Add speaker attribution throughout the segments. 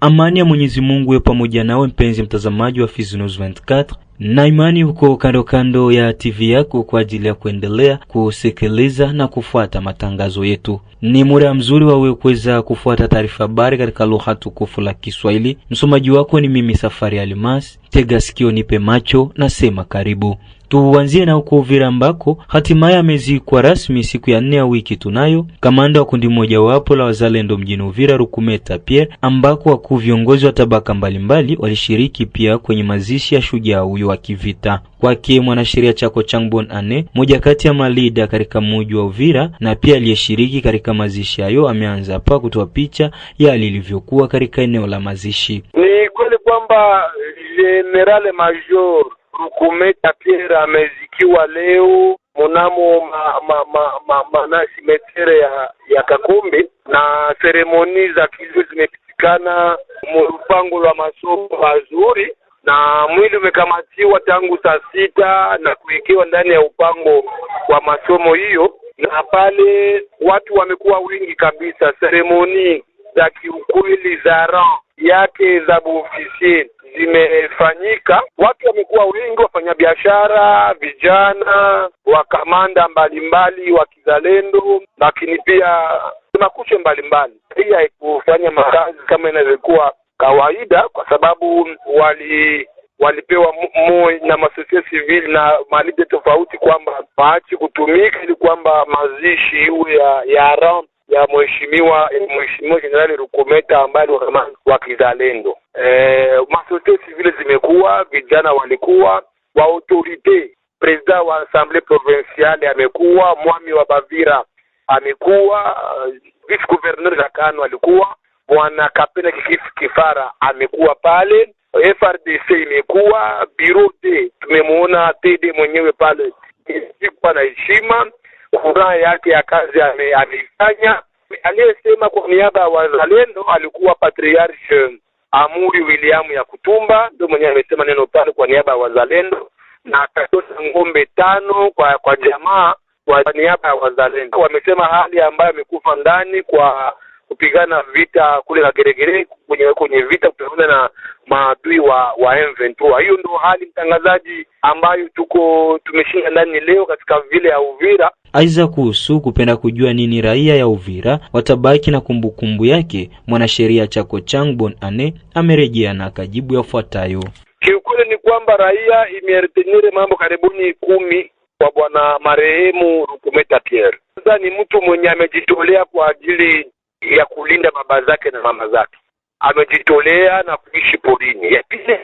Speaker 1: Amani ya Mwenyezi Mungu iwe pamoja nawe mpenzi mtazamaji wa Fizi News 24 na imani huko kando kando ya TV yako kwa ajili ya kuendelea kusikiliza na kufuata matangazo yetu. Ni muda mzuri wawe kuweza kufuata taarifa habari katika lugha tukufu la Kiswahili. Msomaji wako ni mimi Safari Almas. Tega sikio, nipe macho na sema karibu. Tuanzie na huko Uvira ambako hatimaye amezikwa rasmi siku ya nne ya wiki tunayo kamanda wa kundi wapo la wazalendo mjini Uvira, Rukumeta Pierre, ambako wakuu viongozi wa tabaka mbalimbali walishiriki pia kwenye mazishi ya shujaa huyo wa kivita. Kwake mwanasheria Chako Changbon Ane, moja kati ya malida katika muji wa Uvira na pia aliyeshiriki katika mazishi hayo, ameanza hapa kutoa picha ya lilivyokuwa katika eneo la mazishi.
Speaker 2: Ni kweli kwamba General Major kumeta Pierre amezikiwa leo mnamo ma, ma, ma, ma, mana simetere ya, ya Kakumbi na seremoni za kilio zimepitikana mpango lwa masomo mazuri na mwili umekamatiwa tangu saa sita na kuwekewa ndani ya upango wa masomo hiyo, na pale watu wamekuwa wengi kabisa. Seremoni za kiukweli za roho yake za buofisier zimefanyika, watu wamekuwa wengi, wafanyabiashara, vijana, wakamanda mbalimbali wa kizalendo, lakini pia makuche mbalimbali. Hii haikufanya makazi kama inavyokuwa kawaida, kwa sababu wali walipewa moi na masosia civil na malide tofauti, kwamba waache kutumika ili kwamba mazishi iwe ya, ya ramp ya mheshimiwa eh, mheshimiwa Jenerali Rukometa ambaye ni wa kizalendo. E, masosiete civile zimekuwa, vijana walikuwa wa autorite, president wa assemble provinciale amekuwa, mwami wa Bavira amekuwa, eh, vice gouverneur Jakano alikuwa, bwana Kapena Kifara amekuwa pale, FRDC imekuwa, biro de tumemuona TD mwenyewe pale, ilikuwa na heshima furaha yake ya kazi ameifanya. Aliyesema kwa niaba ya wazalendo alikuwa Patriarch eh, Amuri William ya Kutumba, ndio mwenyewe amesema neno pale kwa niaba ya wazalendo, na akatosha ng'ombe tano kwa kwa jamaa kwa niaba ya wazalendo. Wamesema hali ambayo amekufa ndani kwa kupigana vita kule Kageregere kwenye kwenye vita kupigana na maadui wa wa M23. Hiyo ndio hali mtangazaji, ambayo tuko tumeshinda ndani leo katika vile ya
Speaker 1: Uvira. Aiza kuhusu kupenda kujua nini raia ya Uvira watabaki na kumbukumbu yake, mwanasheria Chako Changbon Ane amerejea na akajibu
Speaker 2: yafuatayo. Kiukweli ni kwamba raia imeretenire mambo karibuni kumi kwa bwana marehemu Rukumeta Pierre. Sasa ni mtu mwenye amejitolea kwa ajili ya kulinda baba zake na mama zake, amejitolea na kuishi porini. Ya pili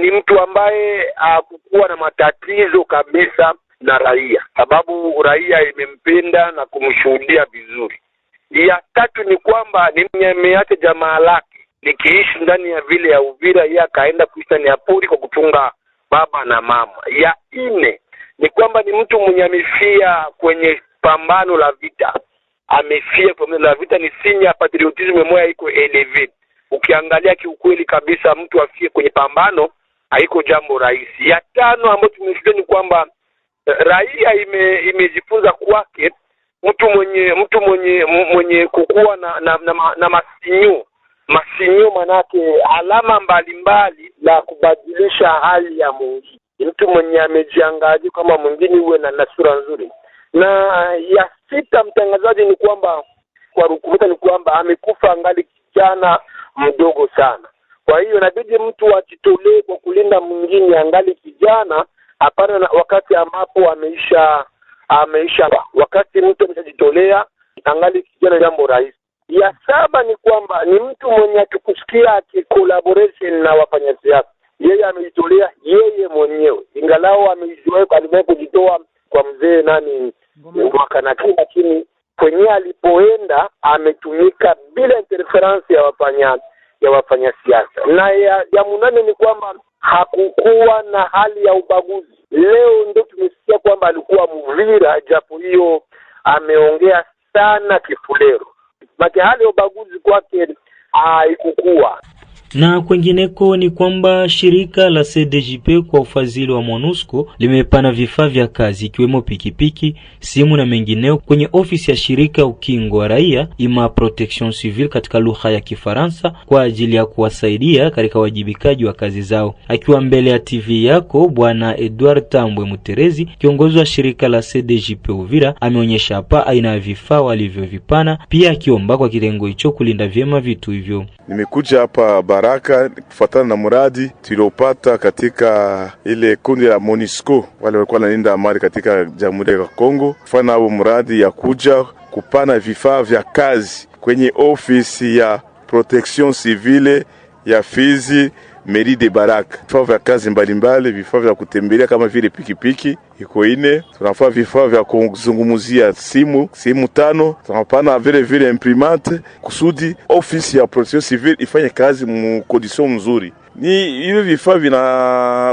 Speaker 2: ni mtu ambaye hakukuwa na matatizo kabisa na raia, sababu raia imempenda na kumshuhudia vizuri. Ya tatu ni kwamba ni nimeacha jamaa lake likiishi ndani ya vile ya Uvira, yeye akaenda kuishi ndani ya pori kwa kuchunga baba na mama. Ya nne ni kwamba ni mtu mwenye amefia kwenye pambano la vita amefia pamoja na vita, ni sinya ya patriotisme moya iko eleve. Ukiangalia kiukweli kabisa, mtu afie kwenye pambano haiko jambo rahisi. Ya tano ambayo tumeshuhudia ni kwamba eh, raia ime, imejifunza kwake mtu mwenye mtu mwenye mwenye kukuwa na na, na, na masinyo masinyo, manake alama mbalimbali la mbali, kubadilisha hali ya mwingine. Mtu mwenye amejiangaji kama mwingine uwe na, na sura nzuri. Na eh, ya sita, mtangazaji, ni kwamba kwa Rukuruka ni kwamba amekufa angali kijana mdogo sana. Kwa hiyo inabidi mtu ajitolee kwa kulinda mwingine angali kijana, hapana wakati ambapo ameisha ameisha. Wakati mtu ameshajitolea angali kijana, jambo rahisi. Ya saba ni kwamba ni mtu mwenye akikusikia akikolaboration na siasa yeye amejitolea yeye mwenyewe, ingalao amewahi kujitoa kwa mzee nani Mwakanaki, lakini kwenye alipoenda ametumika bila interference ya wafanya ya siasa. Na ya, ya munane ni kwamba hakukuwa na hali ya ubaguzi. Leo ndio tumesikia kwamba alikuwa Mvira, japo hiyo ameongea sana kifulero, make hali ya ubaguzi kwake haikukuwa.
Speaker 1: Na kwengineko ni kwamba shirika la CDJP kwa ufadhili wa MONUSCO limepana vifaa vya kazi ikiwemo pikipiki, simu na mengineo kwenye ofisi ya shirika ukingo wa raia ima protection civile katika lugha ya Kifaransa kwa ajili ya kuwasaidia katika wajibikaji wa kazi zao. Akiwa mbele ya TV yako Bwana Edward Tambwe Muterezi, kiongozi wa shirika la CDJP Uvira, ameonyesha hapa aina ya vifaa walivyovipana, pia akiomba kwa kitengo hicho kulinda vyema vitu hivyo.
Speaker 3: Nimekuja hapa baraka kufuatana na muradi tuliopata katika ile kundi la MONUSCO, wale walikuwa wanalinda amani katika Jamhuri ya Kongo, kufana nao muradi ya kuja kupana vifaa vya kazi kwenye ofisi ya protection civile ya Fizi meri de Baraka. Vifaa vya kazi mbalimbali, vifaa vya kutembelea kama vile pikipiki iko ine, tunafaa vifaa vya kuzungumzia simu simu tano, tunapana vile vile imprimante kusudi ofisi ya protection civile ifanye kazi mu condition mzuri ni hivyo vifaa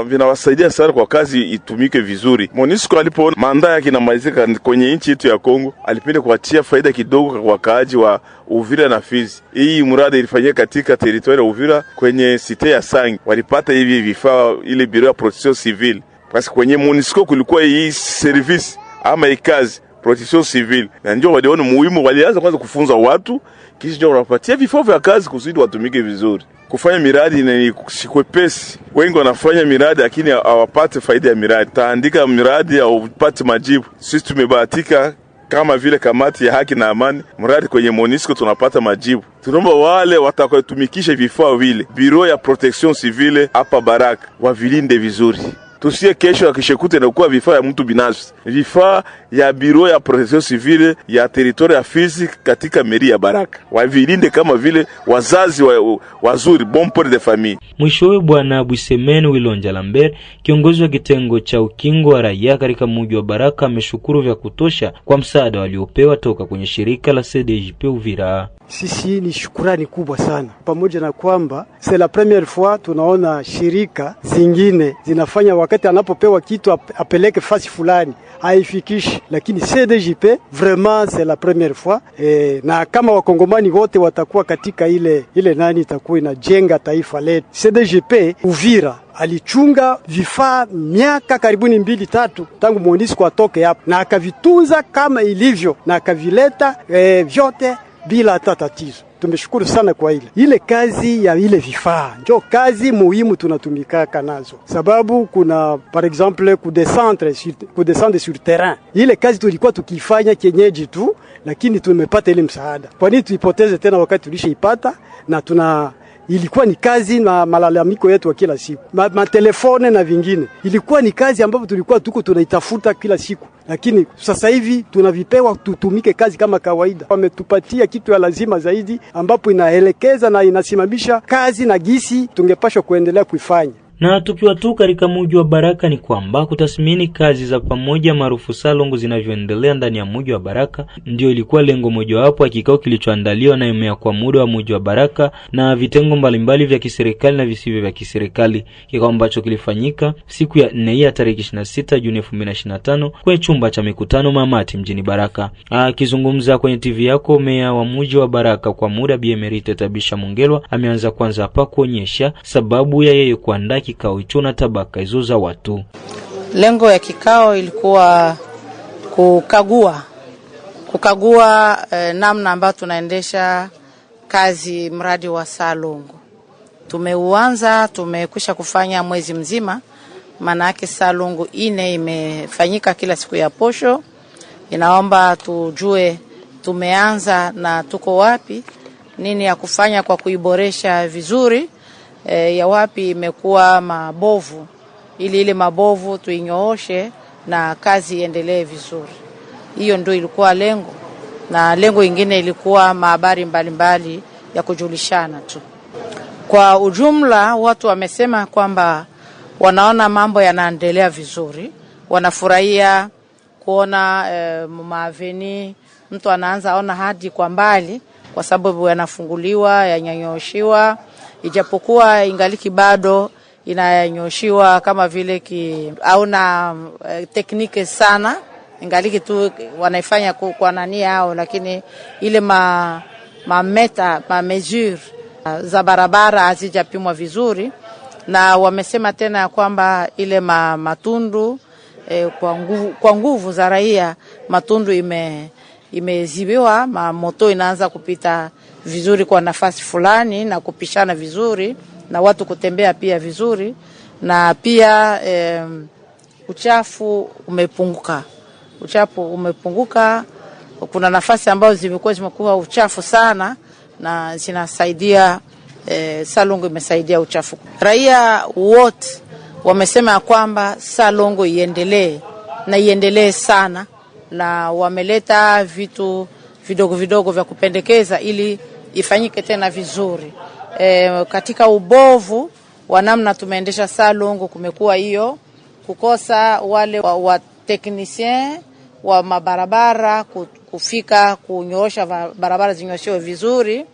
Speaker 3: vinawasaidia sana kwa kazi itumike vizuri. Monisco alipoona manda yake inamalizika kwenye nchi yetu ya Kongo, alipenda kuatia faida kidogo kwa wakaaji wa Uvira na Fizi. Hii mradi ilifanyika katika teritoria ya Uvira kwenye site ya Sangi, walipata hivi vifaa, ile biro ya protection civile, basi kwenye Monisco kulikuwa hii service ama ikazi protection civile, na ndio waliona muhimu, walianza kwanza kufunza watu kisha unapatia vifaa vya kazi kusudi watumike vizuri. Kufanya miradi sikwepesi, wengi wanafanya miradi lakini hawapate faida ya miradi. Taandika miradi haupate majibu. Sisi tumebahatika kama vile kamati ya haki na amani, mradi kwenye Monisco tunapata majibu. Tunaomba wale watakaotumikisha vifaa vile, biro ya protection civile hapa Baraka wavilinde vizuri tusie kesho akishekute inakuwa vifaa ya mtu binafsi, vifaa ya biro ya protection civile ya teritori ya Fizi katika meri ya Baraka, wavilinde kama vile wazazi wa, wazuri bon pore de famille.
Speaker 1: Mwishowe bwana Bwisemeni Wilonja Lambert, kiongozi wa kitengo cha ukingo wa raia katika muji wa Baraka, ameshukuru vya kutosha kwa msaada waliopewa toka kwenye shirika la CDJP Uvira
Speaker 4: sisi ni shukurani kubwa sana, pamoja na kwamba c'est la premiere fois tunaona shirika zingine zinafanya, wakati anapopewa kitu apeleke fasi fulani haifikishi, lakini CDJP vraiment c'est la premiere fois e, na kama wakongomani wote watakuwa katika ile ile nani, itakuwa inajenga taifa letu. CDJP Uvira alichunga vifaa miaka karibuni mbili tatu tangu Monisco atoke hapo, na akavitunza kama ilivyo na akavileta e, vyote bila hata tatizo. Tumeshukuru sana kwa ile ile kazi ya ile vifaa, njo kazi muhimu tunatumikaka nazo, sababu kuna par exemple kudescendre sur, kudescendre sur terrain. Ile kazi tulikuwa tukifanya kienyeji tu, lakini tumepata ile msaada. Kwa nini tuipoteze tena wakati tulishaipata na tuna ilikuwa ni kazi na malalamiko yetu ya kila siku, ma, matelefone na vingine. Ilikuwa ni kazi ambapo tulikuwa tuko tunaitafuta kila siku, lakini sasa hivi tunavipewa tutumike kazi kama kawaida. Wametupatia kitu ya lazima zaidi, ambapo inaelekeza na inasimamisha kazi na gisi tungepashwa kuendelea kuifanya.
Speaker 1: Na tukiwa tu katika muji wa Baraka ni kwamba kutathmini kazi za pamoja maarufu salongo zinavyoendelea ndani ya muji wa Baraka ndio ilikuwa lengo mojawapo ya kikao kilichoandaliwa na EMEA kwa muda wa muji wa Baraka na vitengo mbalimbali vya kiserikali na visivyo vya kiserikali, kikao ambacho kilifanyika siku ya nne ya tarehe 26 Juni 2025 kwenye chumba cha mikutano Mamati mjini Baraka. Akizungumza kwenye TV yako, meya wa muji wa Baraka kwa muda Bi Emerite Tabisha Mungelwa ameanza kwanza hapa kuonyesha sababu ya yeye kuandaa kikao hicho na tabaka hizo za
Speaker 5: watu. Lengo ya kikao ilikuwa kukagua kukagua eh, namna ambayo tunaendesha kazi mradi wa Salongo. Tumeuanza, tumekwisha kufanya mwezi mzima, maana yake Salongo ine imefanyika kila siku ya posho. Inaomba tujue tumeanza na tuko wapi, nini ya kufanya kwa kuiboresha vizuri e, ya wapi imekuwa mabovu ili ile mabovu tuinyooshe na kazi iendelee vizuri. Hiyo ndio ilikuwa lengo, na lengo ingine ilikuwa mahabari mbalimbali ya kujulishana tu. Kwa ujumla, watu wamesema kwamba wanaona mambo yanaendelea vizuri, wanafurahia kuona e, maaveni mtu anaanza ona hadi kwa mbali, kwa sababu yanafunguliwa, yanyanyooshiwa ijapokuwa ingaliki bado inanyoshiwa kama vile ki, na e, eh, tekniki sana ingaliki tu wanaifanya kwa nani yao, lakini ile ma, ma meta ma mesure eh, za barabara hazijapimwa vizuri, na wamesema tena ya kwamba ile ma, matundu e, kwa, nguvu, kwa nguvu za raia matundu ime, imezibiwa, mamoto inaanza kupita vizuri kwa nafasi fulani na kupishana vizuri na watu kutembea pia vizuri na pia e, uchafu umepunguka, uchafu umepunguka. Kuna nafasi ambazo zimekuwa zimekuwa uchafu sana na zinasaidia e, Salongo imesaidia uchafu. Raia wote wamesema ya kwamba Salongo iendelee na iendelee sana, na wameleta vitu vidogo vidogo vya kupendekeza ili ifanyike tena vizuri. E, katika ubovu wa namna tumeendesha salongo kumekuwa hiyo kukosa wale wa, wa teknisien wa mabarabara kufika kunyoosha barabara zinyoshewe vizuri.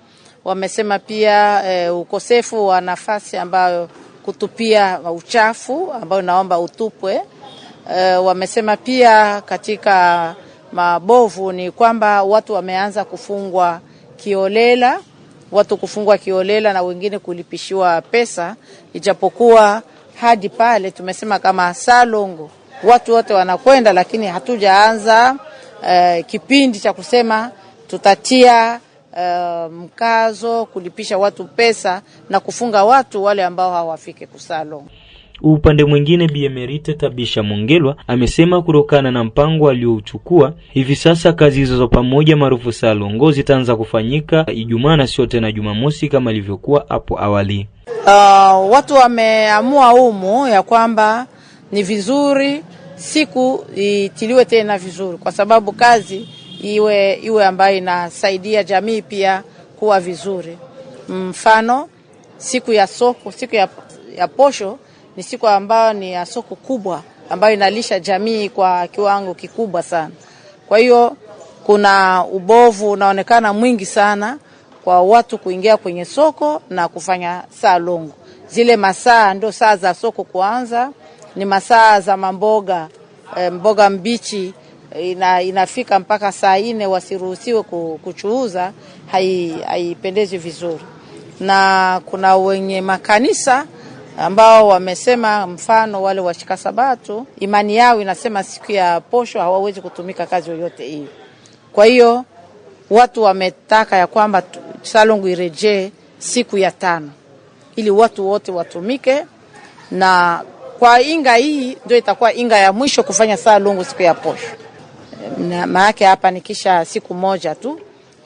Speaker 5: Wamesema pia e, ukosefu wa nafasi ambayo kutupia uchafu ambayo naomba utupwe. E, wamesema pia katika mabovu ni kwamba watu wameanza kufungwa kiolela, watu kufungwa kiolela na wengine kulipishiwa pesa, ijapokuwa hadi pale tumesema kama salongo watu wote wanakwenda, lakini hatujaanza uh, kipindi cha kusema tutatia uh, mkazo kulipisha watu pesa na kufunga watu wale ambao hawafike kusalongo.
Speaker 1: Upande mwingine, Bi Emerita Tabisha Mongelwa amesema kutokana na mpango aliouchukua hivi sasa kazi hizo za pamoja maarufu salongo zitaanza kufanyika Ijumaa na sio tena Jumamosi kama ilivyokuwa hapo awali.
Speaker 5: Uh, watu wameamua humu ya kwamba ni vizuri siku itiliwe tena vizuri, kwa sababu kazi iwe iwe ambayo inasaidia jamii pia kuwa vizuri. Mfano siku ya soko, siku ya, ya posho ni siku ambayo ni ya soko kubwa ambayo inalisha jamii kwa kiwango kikubwa sana. Kwa hiyo kuna ubovu unaonekana mwingi sana kwa watu kuingia kwenye soko na kufanya saa longo. Zile masaa ndio saa za soko kuanza, ni masaa za mamboga e, mboga mbichi eh, ina, inafika mpaka saa nne wasiruhusiwe kuchuuza, haipendezi hai vizuri, na kuna wenye makanisa ambao wamesema, mfano wale sabatu imani yao inasema siku ya posho hawawezi kutumika kazi yoyote hiyo. Kwa hiyo watu wametaka ya kwamba Salongo irejee siku ya tano ili watu wote watumike, na kwa inga hii ndio itakuwa inga ya mwisho kufanya Salongo siku ya posho, maanake hapa ni kisha siku moja tu,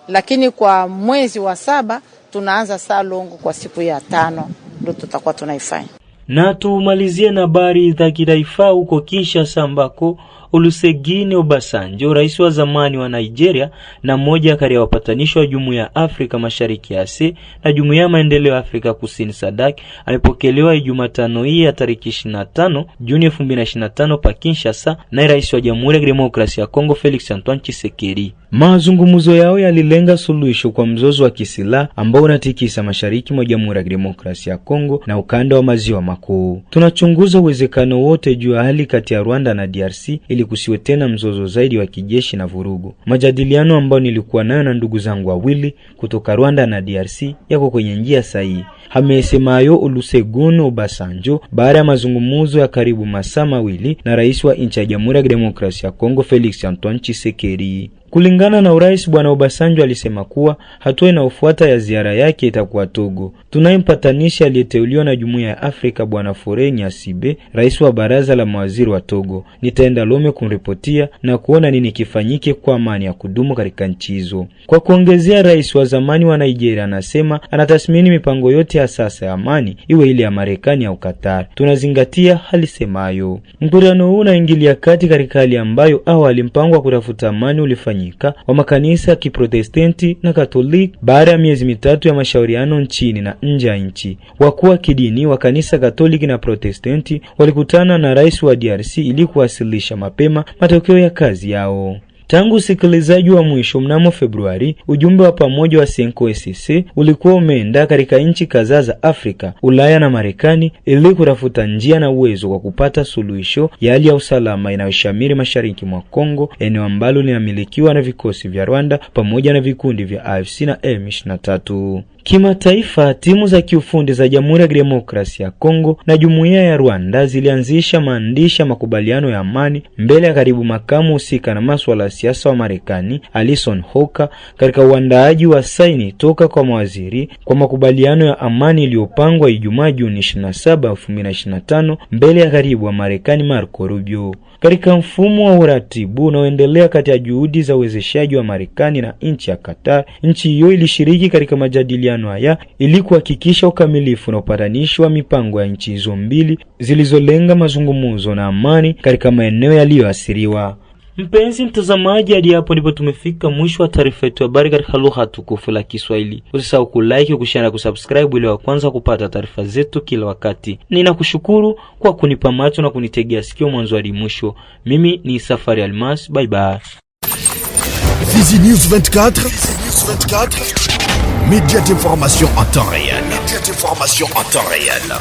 Speaker 5: lakini kwa mwezi wa saba tunaanza Salongo kwa siku ya tano ndo tutakuwa
Speaker 1: tunaifanya. Na tumalizie na habari za kitaifa huko Kinshasa ambako Olusegun Obasanjo, rais wa zamani wa Nigeria na mmoja kati ya wapatanishi wa Jumuiya ya Afrika Mashariki EAC na Jumuiya ya Maendeleo ya Afrika Kusini SADC, amepokelewa Jumatano hii ya tarehe 25 Juni 2025 pa Kinshasa naye rais wa Jamhuri ya Demokrasia ya Kongo Felix Antoine Tshisekedi. Mazungumzo yao yalilenga suluhisho kwa mzozo wa kisilaha ambao unatikisa mashariki mwa Jamhuri ya Demokrasia ya Kongo na ukanda wa Maziwa Makuu. Tunachunguza uwezekano wote juu ya hali kati ya Rwanda na DRC ili ili kusiwe tena mzozo zaidi wa kijeshi na vurugu. Majadiliano ambayo nilikuwa nayo na ndugu zangu wawili kutoka Rwanda na DRC yako kwenye njia sahihi, amesemayo Olusegun Obasanjo baada ya mazungumzo ya karibu masaa mawili na rais wa nchi ya Jamhuri ya Kidemokrasia ya Kongo Felix Antoine Tshisekedi. Kulingana na urais, Bwana Obasanjo alisema kuwa hatua inayofuata ya ziara yake itakuwa Togo. Tunaye mpatanishi aliyeteuliwa na Jumuiya ya Afrika, Bwana Fore Nyasibe, rais wa baraza la mawaziri wa Togo. Nitaenda Lome kumripotia na kuona nini kifanyike kwa amani ya kudumu katika nchi hizo. Kwa kuongezea, rais wa zamani wa Nigeria anasema anatathmini mipango yote ya sasa ya amani, iwe ile ya Marekani au Qatar. Tunazingatia alisemayo. Mkutano huu unaingilia kati katika hali ambayo awali mpango wa kutafuta amani ulifanyika kufanyika wa makanisa ya Kiprotestanti na katolik baada ya miezi mitatu ya mashauriano nchini na nje ya nchi. Wakuu wa kidini wa kanisa Katoliki na Protestanti walikutana na rais wa DRC ili kuwasilisha mapema matokeo ya kazi yao. Tangu usikilizaji wa mwisho mnamo Februari, ujumbe wa pamoja wa cenco ulikuwa umeenda katika nchi kadhaa za Afrika, Ulaya na Marekani ili kutafuta njia na uwezo kwa kupata suluhisho ya hali ya usalama inayoshamiri mashariki mwa Kongo, eneo ambalo linamilikiwa na vikosi vya Rwanda pamoja na vikundi vya AFC na M23. Kimataifa, timu za kiufundi za Jamhuri ya Kidemokrasia ya Kongo na Jumuiya ya Rwanda zilianzisha maandishi ya makubaliano ya amani mbele ya karibu makamu husika na masuala ya siasa wa Marekani, Alison Hoka, katika uandaaji wa saini toka kwa mawaziri kwa makubaliano ya amani iliyopangwa Ijumaa Juni 27, 2025 mbele ya karibu wa Marekani, Marco Rubio katika mfumo wa uratibu unaoendelea kati ya juhudi za uwezeshaji wa Marekani na nchi ya Qatar. Nchi hiyo ilishiriki katika majadiliano haya ili kuhakikisha ukamilifu na upatanishi wa mipango ya nchi hizo mbili zilizolenga mazungumzo na amani katika maeneo yaliyoathiriwa. Mpenzi mtazamaji, hadi hapo ndipo tumefika mwisho wa taarifa yetu ya habari katika lugha tukufu la Kiswahili. Usisahau kulike, kushare na kusubscribe ili wa kwanza kupata taarifa zetu kila wakati. Ninakushukuru kwa kunipa macho na kunitegea sikio mwanzo hadi mwisho. Mimi ni Safari Almas,
Speaker 6: bye bye. Fizi News 24, Fizi News 24. Media d'information en temps réel. Media d'information en temps réel.